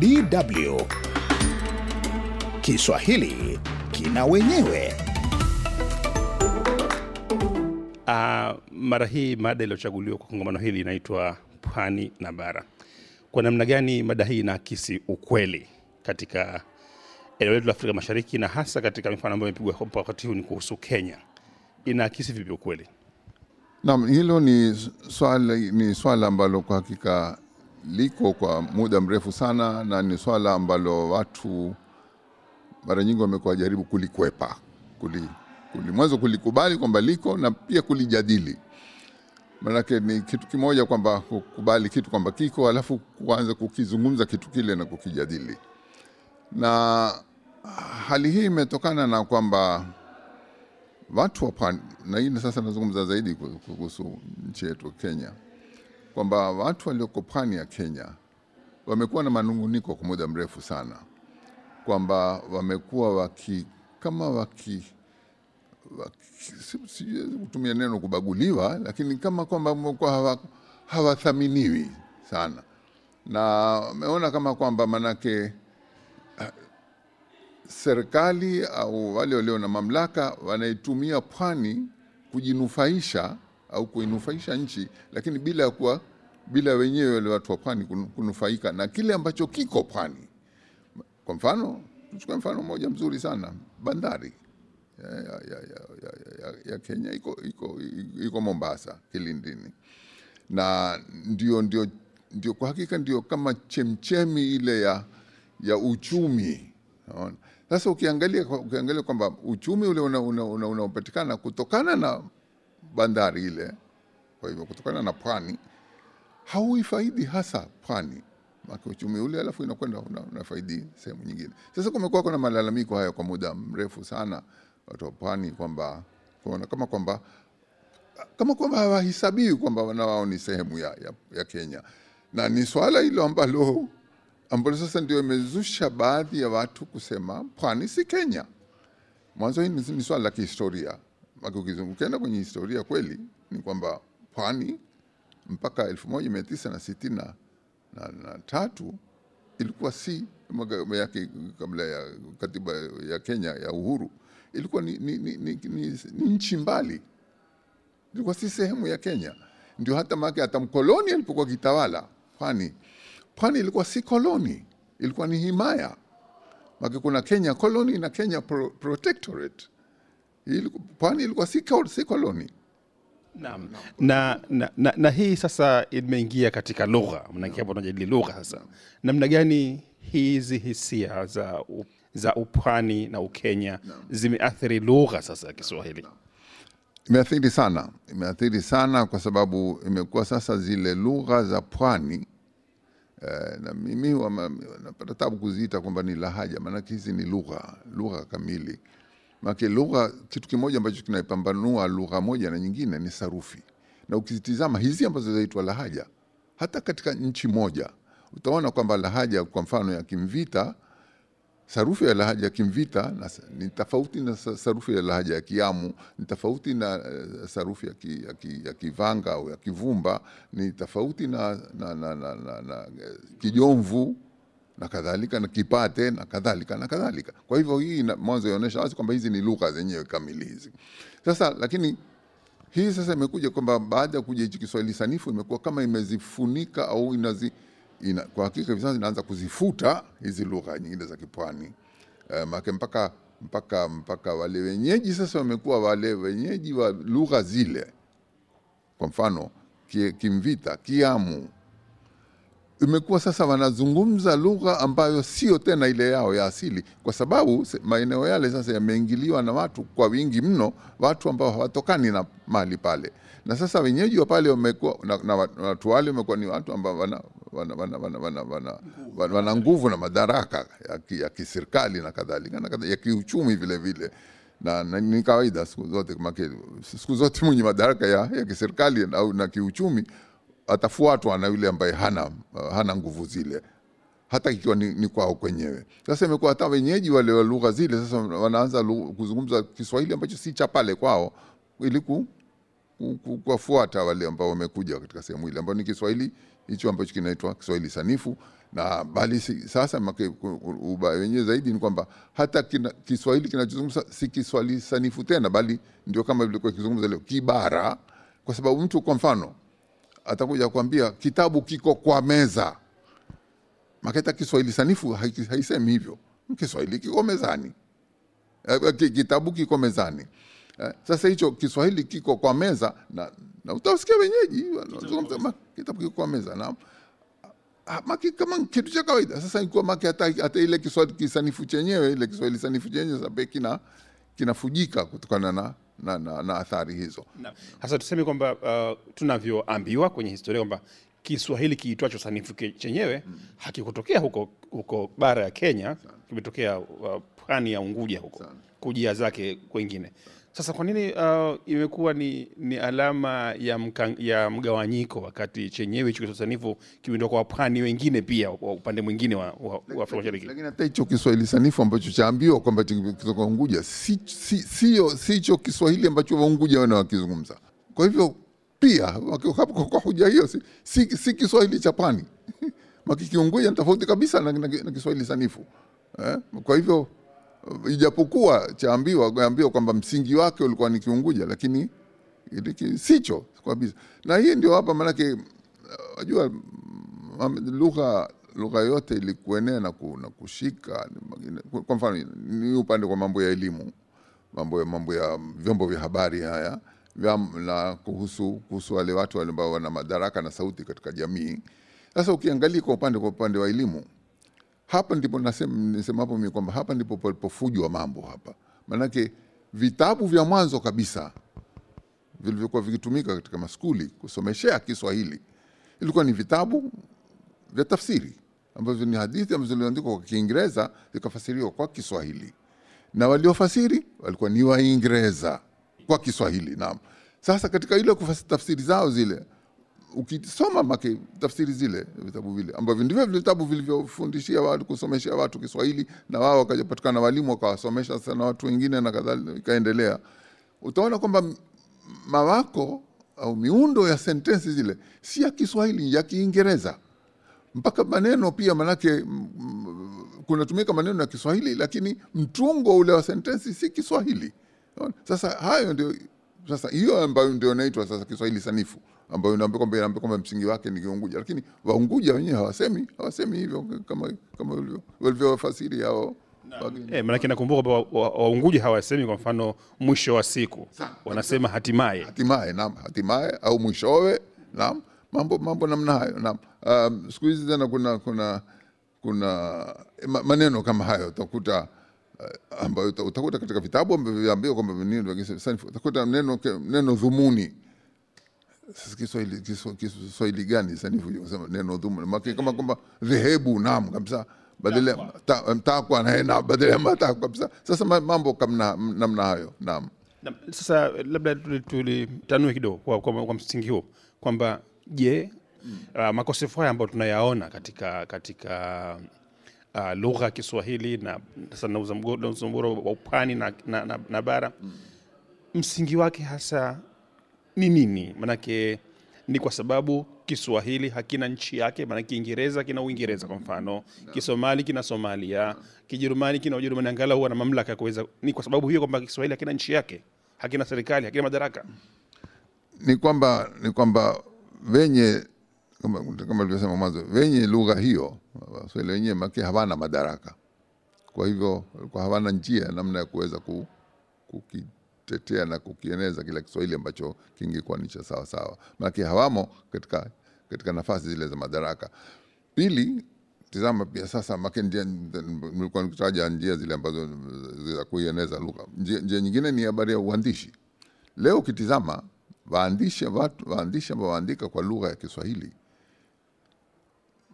DW Kiswahili kina wenyewe. Uh, mara hii mada iliyochaguliwa kwa kongamano hili inaitwa Pwani na Bara. Kwa namna gani mada hii inaakisi ukweli katika eneo letu la Afrika Mashariki na hasa katika mifano ambayo imepigwa hapo wakati huu ni kuhusu Kenya. Inaakisi vipi ukweli? Naam, hilo ni swali ni swala ambalo kwa hakika liko kwa muda mrefu sana, na ni swala ambalo watu mara nyingi wamekuwa jaribu kulikwepa kuli, kuli mwanzo kulikubali kwamba liko na pia kulijadili. Maanake ni kitu kimoja kwamba kukubali kitu kwamba kiko, alafu kuanza kukizungumza kitu kile na kukijadili. Na hali hii imetokana na kwamba watu wa pwani, na hii sasa nazungumza zaidi kuhusu nchi yetu Kenya kwamba watu walioko pwani ya Kenya wamekuwa na manunguniko kwa muda mrefu sana, kwamba wamekuwa waki kama waki siwezi kutumia neno kubaguliwa, lakini kama kwamba wamekuwa hawathaminiwi hawa sana, na wameona kama kwamba manake serikali au wale walio na mamlaka wanaitumia pwani kujinufaisha au kuinufaisha nchi, lakini bila ya kuwa bila wenyewe wale watu wa pwani kunufaika na kile ambacho kiko pwani. Kwa mfano, tuchukue mfano mmoja mzuri sana, bandari eh, ya, ya, ya, ya, ya, ya Kenya iko, iko, iko Mombasa Kilindini, na ndio, ndio, ndio kwa hakika ndio kama chemchemi ile ya, ya uchumi. Sasa ukiangalia, ukiangalia kwamba uchumi ule unaopatikana una, una, una kutokana na bandari ile, kwa hivyo kutokana na pwani hauifaidi hasa pwani maka uchumi ule, alafu inakwenda unafaidi sehemu nyingine. Sasa kumekuwa kuna malalamiko haya kwa muda mrefu sana, watu wa pwani kwamba kuona kama kwamba kama kwamba hawahisabii kwamba na wao ni sehemu ya, ya, ya Kenya, na ni swala hilo ambalo ambalo sasa ndio imezusha baadhi ya watu kusema pwani si Kenya. Mwanzo hii ni swala la kihistoria, ukienda kwenye historia kweli ni kwamba pwani mpaka elfu moja mia tisa na sitini na, na, na tatu ilikuwa si yake kabla ya katiba ya Kenya ya uhuru ilikuwa ni, ni, ni, ni, ni, ni nchi mbali, ilikuwa si sehemu ya Kenya. Ndio hata make hata mkoloni alipokuwa kitawala pwani, pwani ilikuwa si koloni, ilikuwa ni himaya make kuna Kenya koloni na Kenya pro, protectorate. Pwani ilikuwa si, si koloni na, na, na, na hii sasa imeingia katika lugha, maanake hapo tunajadili lugha sasa. Namna gani hizi hisia za, za upwani na Ukenya zimeathiri lugha sasa ya Kiswahili? Imeathiri sana, imeathiri sana kwa sababu imekuwa sasa zile lugha za pwani eh, na mimi napata tabu kuziita kwamba ni lahaja, maanake hizi ni lugha, lugha kamili maana lugha, kitu kimoja ambacho kinapambanua lugha moja na nyingine ni sarufi, na ukizitizama hizi ambazo zaitwa lahaja, hata katika nchi moja utaona kwamba lahaja kwa mfano ya Kimvita, sarufi ya lahaja ya Kimvita ni tofauti na sarufi ya lahaja ya Kiamu, ni tofauti na eh, sarufi ya, ki, ya, ki, ya Kivanga au ya Kivumba, ni tofauti na, na, na, na, na, na eh, Kijomvu na kadhalika na kipate na kadhalika na kadhalika. Kwa hivyo hii mwanzo inaonyesha wazi kwamba hizi ni lugha zenyewe kamili hizi. Sasa lakini hii sasa imekuja kwamba baada ya kuja hichi Kiswahili sanifu imekuwa kama imezifunika au inazi, ina, kwa hakika hivi sasa inaanza kuzifuta hizi lugha nyingine za kipwani e, eh, maana mpaka mpaka mpaka wale wenyeji sasa wamekuwa wale wenyeji wa lugha zile, kwa mfano Kimvita, Kiamu imekuwa sasa wanazungumza lugha ambayo sio tena ile yao ya asili, kwa sababu maeneo yale sasa yameingiliwa na watu kwa wingi mno, watu ambao hawatokani na mali pale, na sasa wenyeji wa pale wamekuwa na, na watu wale wamekuwa ni watu ambao wana wana, wana, wana, wana, wana, wana, wana nguvu na madaraka ya kiserikali na kadhalika na ya kiuchumi vile vile na, na ni kawaida siku zote, siku zote mwenye madaraka ya, ya kiserikali na, na kiuchumi atafuatwa na yule ambaye hana, uh, hana nguvu zile hata ikiwa ni, ni kwao kwenyewe. Sasa imekuwa hata wenyeji wale wa lugha zile sasa wanaanza kuzungumza Kiswahili ambacho si cha pale kwao, ili kuwafuata wale ambao wamekuja katika sehemu ile ambao ni Kiswahili hicho ambacho kinaitwa Kiswahili sanifu. Na bali sasa ubaya wenyewe zaidi ni kwamba hata kina, Kiswahili kinachozungumza si Kiswahili sanifu tena, bali ndio kama ilikuwa kizungumza leo kibara, kwa sababu mtu kwa mfano atakuja kuambia kitabu kiko kwa meza. Maketa Kiswahili sanifu haisemi hivyo, Kiswahili kiko mezani, eh, eh, kitabu kiko mezani. Eh, sasa hicho Kiswahili kiko kwa meza na, na utasikia wenyeji kitabu kiko kwa meza na ah, maki kama kitu cha kawaida. Sasa ikuwa maki hata, hata ile Kiswahili kisanifu chenyewe ile Kiswahili sanifu chenyewe sasa kina kinafujika kutokana na na, na, na athari hizo. Sasa tuseme kwamba uh, tunavyoambiwa kwenye historia kwamba Kiswahili kiitwacho sanifu chenyewe mm. hakikutokea huko, huko bara ya Kenya, kimetokea uh, pwani ya Unguja huko kujia zake kwengine sasa kwa nini uh, imekuwa ni, ni alama ya, ya mgawanyiko wakati chenyewe hicho kisanifu kiwindwa kwa wapwani wengine pia wa upande mwingine wa, wa, wa Afrika Mashariki? Lakini hata hicho Kiswahili sanifu ambacho chaambiwa kwamba kutoka Unguja si, si, si, Kiswahili ambacho Waunguja wana wakizungumza. Kwa hivyo pia kwa hoja hiyo si, si, si Kiswahili cha pwani makikiunguja ni tofauti kabisa na, na, na Kiswahili sanifu eh? kwa hivyo ijapokuwa chaambiwa ambiwa kwamba msingi wake ulikuwa ni Kiunguja, lakini sicho kabisa. Na hii ndio hapa, maanake uh, wajua lugha lugha yote ilikuenea na kushika. Kwa mfano ni upande kwa mambo ya elimu, mambo ya mambo ya vyombo vya habari haya na kuhusu kuhusu wale watu ambao wana madaraka na sauti katika jamii. Sasa ukiangalia kwa upande kwa upande wa elimu hapa ndipo nisemapo mi kwamba hapa ndipo palipofujwa mambo hapa, maanake vitabu vya mwanzo kabisa vilivyokuwa vikitumika katika maskuli kusomeshea Kiswahili ilikuwa ni vitabu vya tafsiri ambavyo ni hadithi ambazo ziliandikwa kwa Kiingereza zikafasiriwa kwa Kiswahili, na waliofasiri walikuwa ni Waingereza kwa Kiswahili. Naam, sasa katika ile tafsiri zao zile ukisoma make tafsiri zile vitabu vile ambavyo ndivyo vitabu vilivyofundishia watu kusomeshia watu Kiswahili na wao wakajapatikana walimu wakawasomesha sasa na watu wengine na kadhalika ikaendelea, utaona kwamba mawako au miundo ya sentensi zile si ya Kiswahili, ya Kiingereza mpaka maneno pia, manake kunatumika maneno ya Kiswahili lakini mtungo ule wa sentensi si Kiswahili. Sasa hayo ndio sasa hiyo ambayo ndio inaitwa sasa Kiswahili sanifu ambayo naambia kwamba naambia kwamba msingi wake ni Kiunguja, lakini Waunguja wenyewe hawasemi hawasemi hivyo kama kama walivyowafasiri hao. Eh, maana nakumbuka kwamba Waunguja hawasemi kwa mfano mwisho wa siku, wanasema hatimaye. Hatimaye, naam, hatimaye au mwishowe, naam, mambo mambo namna hayo, naam. Um, siku hizi tena kuna kuna kuna maneno kama hayo utakuta Eh, ambayo utakuta katika vitabu ambavyoambiwa kwamba utakuta neno, neno dhumuni Kiswahili, Kiswahili gani sanifu hiyo sema neno dhumuni maki kama kwamba dhehebu nam kabisa badala mtakwa na na badala mtakwa kabisa. Sasa mambo kama namna hayo nam. Sasa labda tulitanue kidogo kwa, kwa, kwa msingi huo kwamba je, mm. uh, makosefu haya ambayo tunayaona katika katika uh, lugha ya Kiswahili na na uzamgoro wa upwani na, na, na, na bara mm. msingi wake hasa ni nini? maanake ni kwa sababu Kiswahili hakina nchi yake, maana Kiingereza kina Uingereza kwa mfano, Kisomali kina Somalia, Kijerumani kina Ujerumani, angalau huwa na mamlaka kuweza. Ni kwa sababu hiyo kwamba Kiswahili hakina nchi yake, hakina serikali, hakina madaraka. Ni kwamba ni kwamba venye kama, kama tulivyosema mwanzo, wenye lugha hiyo Waswahili wenyewe maki hawana madaraka, kwa hivyo walikuwa hawana njia namna ya kuweza ku, kukitetea na kukieneza kila Kiswahili ambacho kingekuwa ni cha sawasawa, sawa, maanake hawamo katika, katika nafasi zile za madaraka. Pili, tizama pia sasa, nilikuwa nikitaja njia zile ambazo za kuieneza lugha. Njia nyingine ni habari ya uandishi. Leo ukitizama waandishi ambao waandika kwa lugha ya Kiswahili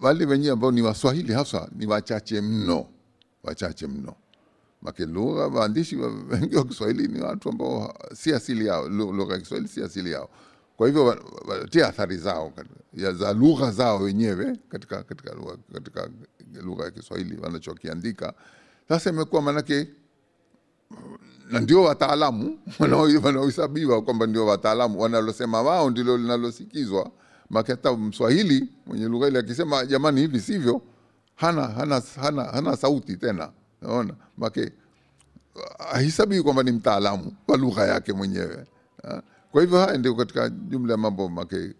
wale wenyewe ambao ni Waswahili hasa ni wachache mno, wachache mno make lugha waandishi wengi wa Kiswahili ni watu ambao si asili yao, lugha ya Kiswahili si asili yao. Kwa hivyo watia athari zao za lugha zao wenyewe katika, katika, lugha, katika lugha ya Kiswahili wanachokiandika. Sasa imekuwa maanake na ndio wataalamu wanaohesabiwa kwamba ndio wataalamu, wanalosema wao ndilo linalosikizwa hata Mswahili mwenye lugha ile akisema jamani, hivi sivyo, hana, hana, hana, hana sauti tena. unaona make ahisabii kwamba ni mtaalamu wa lugha yake mwenyewe. Kwa hivyo haya ndio katika jumla ya mambo make,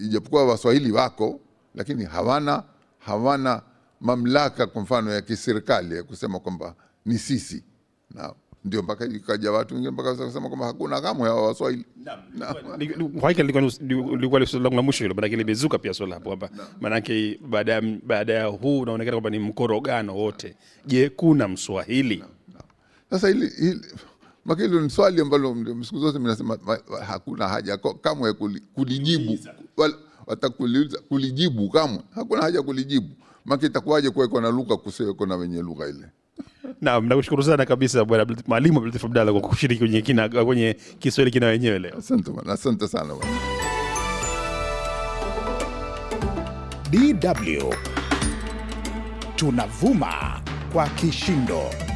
ijapokuwa Waswahili wako lakini hawana hawana mamlaka kwa mfano ya kiserikali ya kusema kwamba ni sisi na ndio mpaka ikaja watu wengine mpaka wakasema kwamba hakuna kamwe hawa Waswahili. Kwa hakika lilikuwa swali langu la mwisho hilo, maanake limezuka pia swala hapo kwamba maanake baada ya huu unaonekana kwamba ni mkorogano wote. Je, kuna Mswahili? Sasa hili maka hilo ni swali ambalo siku zote minasema hakuna haja kamwe kulijibu, watakuliuliza kulijibu kamwe, hakuna haja kulijibu, maka itakuwaje kuwekwa na lugha kusiwekwa na wenye lugha ile. Naam, nakushukuru sana kabisa bwana Mwalimu Abdulatif Abdalla kwa kushiriki kwenye kwenye Kiswahili kina wenyewe leo. Asante asante sana bwana. DW tunavuma kwa kishindo.